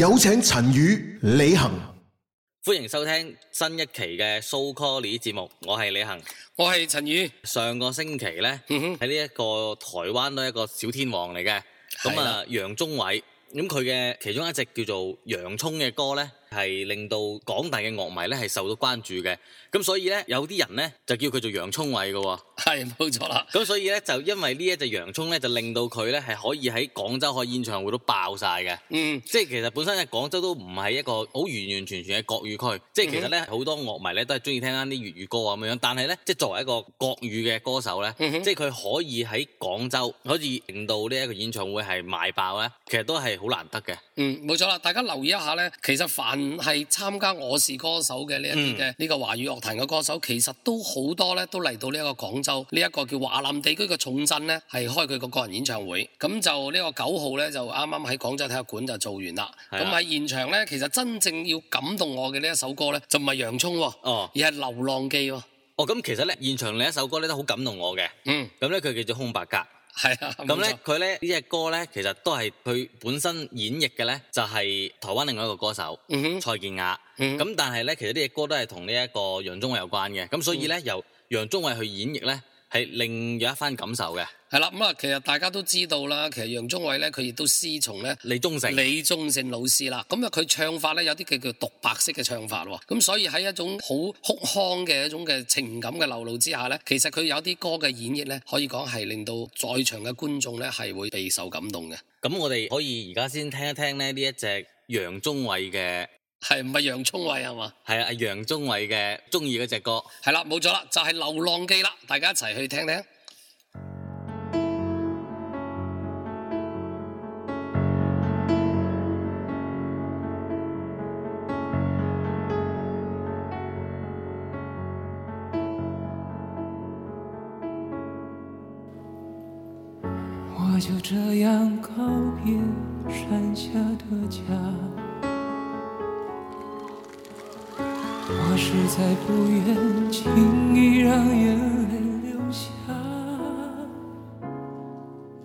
有請陳禹、李恒，歡迎收聽新一期嘅 So Calling 節目，我係李恒，我係陳禹。上個星期呢，喺呢一個台灣都一個小天王嚟嘅，咁啊楊、啊、宗緯，咁佢嘅其中一隻叫做洋葱嘅歌呢。係令到廣大嘅樂迷咧係受到關注嘅，咁所以咧有啲人咧就叫佢做洋蔥位嘅喎，係冇錯啦。咁所以咧就因為呢一隻洋蔥咧，就令到佢咧係可以喺廣州開演唱會都爆晒嘅。嗯，即係其實本身喺廣州都唔係一個好完完全全嘅國語區，即係其實咧好，嗯、多樂迷咧都係中意聽翻啲粵語歌啊咁樣。但係咧即係作為一個國語嘅歌手咧，嗯嗯即係佢可以喺廣州可以令到呢一個演唱會係賣爆咧，其實都係好難得嘅。嗯，冇錯啦，大家留意一下咧，其實係參加我是歌手嘅呢一啲嘅呢個華語樂壇嘅歌手，嗯、其實都好多都嚟到呢個廣州，呢、這、一個叫華南地區嘅重鎮咧，係開佢個個人演唱會。咁就呢個九號咧，就啱啱喺廣州體育館就做完啦。咁喺、嗯、現場其實真正要感動我嘅呢一首歌呢，就唔係洋葱，哦，而係流浪記。哦，其實咧現場另一首歌咧都好感動我嘅。嗯，佢叫做空白格。係啊，咁呢，佢咧錯呢隻歌呢，其實都係佢本身演繹嘅呢，就係、是、台灣另外一個歌手、嗯、哼蔡健雅。咁、嗯、哼但係呢，其實呢隻歌都係同呢一個楊宗緯有關嘅。咁所以呢，嗯、由楊宗緯去演繹呢。係另有一番感受嘅。係啦，咁其實大家都知道啦，其實楊宗緯呢，佢亦都師從呢李宗盛、李宗盛老師啦。咁啊，佢唱法呢，有啲叫做獨白式嘅唱法喎。咁所以喺一種好哭腔嘅一種嘅情感嘅流露之下呢，其實佢有啲歌嘅演繹呢，可以講係令到在場嘅觀眾呢係會備受感動嘅。咁我哋可以而家先聽一聽呢呢一隻楊宗緯嘅。係唔係楊宗緯係嘛？係啊，係楊宗緯嘅中意嗰隻歌。係啦，冇錯啦，就係《流浪記》啦，大家一齊去聽聽。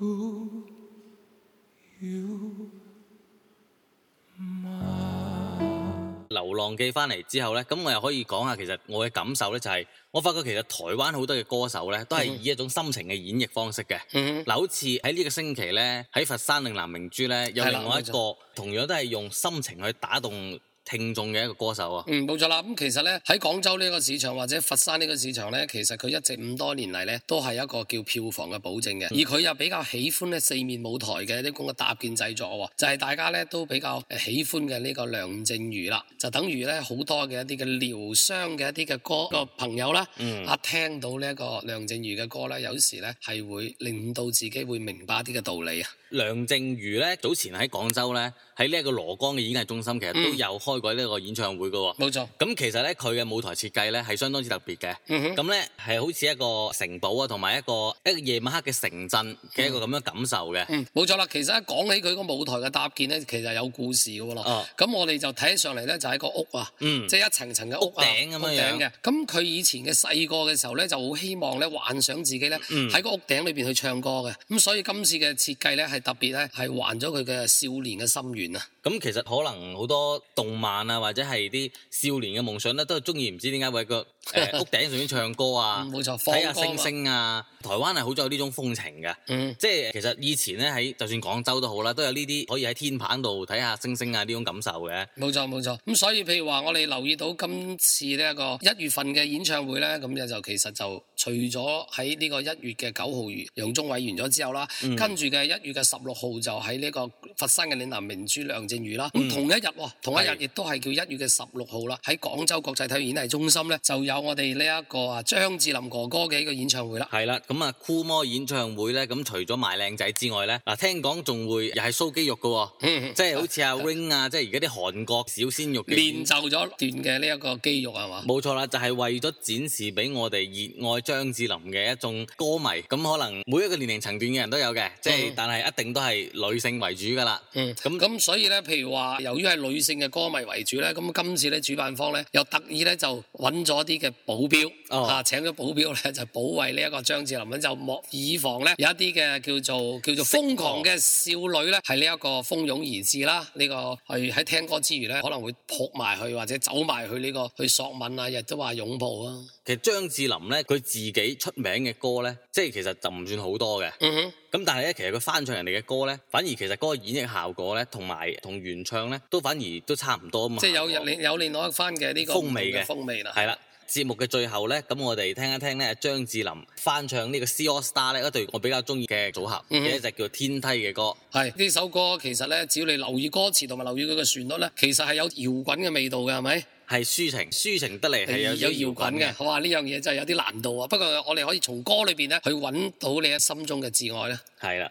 流浪記翻嚟之後呢，咁我又可以講下，其實我嘅感受呢，就係、是，我發覺其實台灣好多嘅歌手呢，都係以一種深情嘅演繹方式嘅。嗱、mm，好似喺呢個星期呢，喺佛山嶺南明珠呢，有另外一個同樣都係用深情去打動。聽眾嘅一個歌手啊，嗯，冇錯啦。咁其實咧喺廣州呢個市場或者佛山呢個市場咧，其實佢一直咁多年嚟咧都係一個叫票房嘅保證嘅。嗯、而佢又比較喜歡咧四面舞台嘅一啲咁嘅搭建製作喎，就係、是、大家咧都比較喜歡嘅呢個梁靜茹啦。就等於咧好多嘅一啲嘅療傷嘅一啲嘅歌、嗯、個朋友啦，啊、嗯、聽到呢一個梁靜茹嘅歌咧，有時咧係會令到自己會明白一啲嘅道理啊。梁靜茹咧早前喺廣州咧喺呢一個蘿崗嘅演藝中心，其實都有開。呢個演唱會嘅冇、哦、沒錯，咁其實咧佢嘅舞台設計咧係相當之特別嘅，咁咧係好似一個城堡啊，同埋一個一夜晚黑嘅城鎮嘅一個咁、嗯、樣嘅感受嘅、嗯。冇錯啦，其實一講起佢個舞台嘅搭建咧，其實有故事噶咯。咁、啊、我哋就睇上嚟咧就係、是、一個屋啊，嗯、即係一層層嘅屋、啊、屋頂咁樣嘅。咁佢以前嘅細個嘅時候咧就好希望咧幻想自己咧喺、嗯、個屋頂裏邊去唱歌嘅。咁所以今次嘅設計咧係特別咧係還咗佢嘅少年嘅心願啊！咁其實可能好多動物。啊，或者係啲少年嘅夢想咧，都係中意唔知點解會喺個誒、呃、屋頂上面唱歌啊，睇下 星星啊！嗯、台灣係好咗有呢種風情嘅，嗯，即係其實以前咧喺就算廣州都好啦，都有呢啲可以喺天棚度睇下星星啊呢種感受嘅。冇錯冇錯，咁所以譬如話，我哋留意到今次呢一個一月份嘅演唱會咧，咁咧就其實就。除咗喺呢個一月嘅九號，楊宗緯完咗之後啦，跟住嘅一月嘅十六號就喺呢個佛山嘅嶺南明珠梁靜茹啦。同一日喎，同一日亦都係叫一月嘅十六號啦，喺廣州國際體育演藝中心呢，就有我哋呢一個啊張智霖哥哥嘅一個演唱會啦。係啦，咁啊酷魔演唱會呢，咁除咗賣靚仔之外呢，嗱聽講仲會又係 show 肌肉嘅喎，即係好似阿 Ring 啊，即係而家啲韓國小鮮肉練就咗段嘅呢一個肌肉係咪？冇錯啦，就係為咗展示俾我哋熱愛，張智霖嘅一眾歌迷，咁可能每一個年齡層段嘅人都有嘅，即係、嗯、但係一定都係女性為主噶啦。嗯，咁咁那所以咧，譬如話，由於係女性嘅歌迷為主咧，咁今次咧，主辦方咧又特意咧就揾咗啲嘅保鏢嚇、哦啊，請咗保鏢咧就保衞呢一個張智霖，咁就莫以防咧有一啲嘅叫做叫做瘋狂嘅少女咧，係呢一個蜂擁而至啦，呢、這個係喺聽歌之餘咧，可能會撲埋佢或者走埋去呢、這個去索吻啊，亦都話擁抱啊。其實張智霖咧，佢自己出名嘅歌咧，即係其實就唔算好多嘅。咁、嗯、哼但係咧，其實佢翻唱人哋嘅歌咧，反而其實嗰個演繹效果咧，同埋同原唱咧，都反而都差唔多啊嘛。即係有有另一番嘅呢個風味嘅風味啦。係啦、嗯哼，節目嘅最後咧，咁我哋聽一聽咧張智霖翻唱呢個 C All Star 咧一隊我比較中意嘅組合嘅、嗯、哼一隻叫《天梯》嘅歌。係，呢首歌其實咧，只要你留意歌詞同埋留意佢嘅旋律咧，其實係有搖滾嘅味道嘅，係咪？係抒情，抒情得嚟係有有搖滾嘅，我話呢樣嘢真係有啲難度啊！不過我哋可以從歌裏面咧，去揾到你心中嘅摯愛咧。係啦。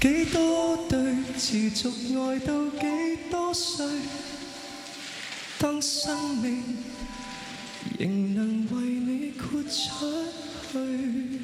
幾多對持續愛到幾多歲，當生命仍能為你豁出去。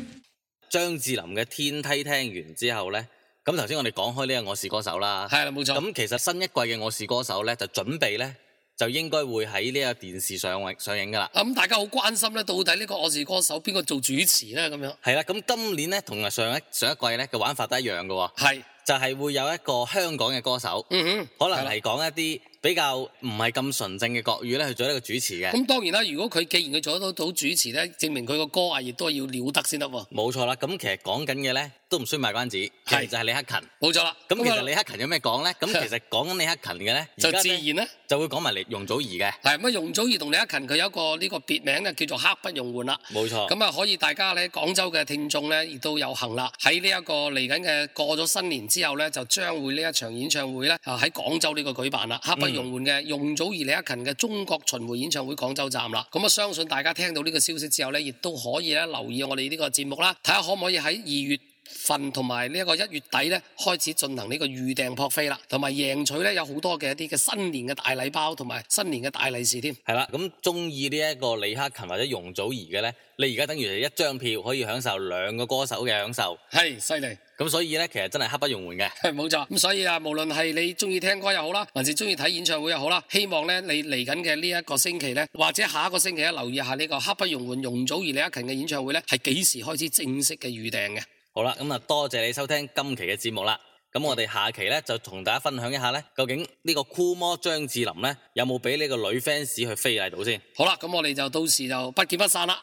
張智霖嘅《天梯》聽完之後呢，咁頭先我哋講開呢個《我是歌手》啦，係啦冇錯。咁其實新一季嘅《我是歌手》呢就準備呢。就應該會喺呢個電視上上映㗎喇。啊，嗯，咁大家好關心呢，到底呢個我是歌手邊個做主持呢？咁樣係啦，咁今年呢，同上一上一季呢嘅玩法都一樣㗎喎。係的，就係會有一個香港嘅歌手，嗯嗯可能係講一啲。比較唔係咁純正嘅國語咧，去做一個主持嘅。咁當然啦，如果佢既然佢做得到主持咧，證明佢個歌藝亦都要了得先得喎。冇錯啦，咁其實講緊嘅咧，都唔需要賣關子，是其實就係李克勤。冇錯啦。咁其實李克勤有咩講咧？的咁其實講緊李克勤嘅咧，就自然咧，呢呢就會講埋嚟容祖兒嘅。嗱，咁啊容祖兒同李克勤佢有一個呢個別名咧，叫做刻不容緩啦。冇錯。咁啊可以大家咧，廣州嘅聽眾咧，亦都有幸啦。喺呢一個嚟緊嘅過咗新年之後咧，就將會呢一場演唱會咧啊喺廣州呢個舉辦啦。刻不、嗯容緩嘅容祖兒李克勤嘅中國巡迴演唱會廣州站啦，咁啊相信大家聽到呢個消息之後咧，亦都可以咧留意我哋呢個節目啦，睇下可唔可以喺二月份同埋呢一個一月底呢開始進行呢個預訂撲飛啦，同埋贏取呢有好多嘅，一啲嘅新年嘅大禮包同埋新年嘅大利是添。係啦，咁中意呢一個李克勤或者容祖兒嘅呢，你而家等於係一張票可以享受兩個歌手嘅享受，係犀利。咁所以呢，其實真係刻不容緩嘅。係冇錯。咁所以啊，無論係你中意聽歌又好啦，還是中意睇演唱會又好啦，希望呢你嚟緊嘅呢一個星期呢，或者下一個星期咧，留意下呢個刻不容緩容祖兒、李克勤嘅演唱會呢，係幾時開始正式嘅預訂嘅。好啦，咁啊多謝你收聽今期嘅節目啦。咁我哋下期呢，就同大家分享一下呢，究竟呢個酷魔張智霖呢，有冇俾呢個女粉 a 去飛嚟到先？好啦，咁我哋就到時就不見不散啦。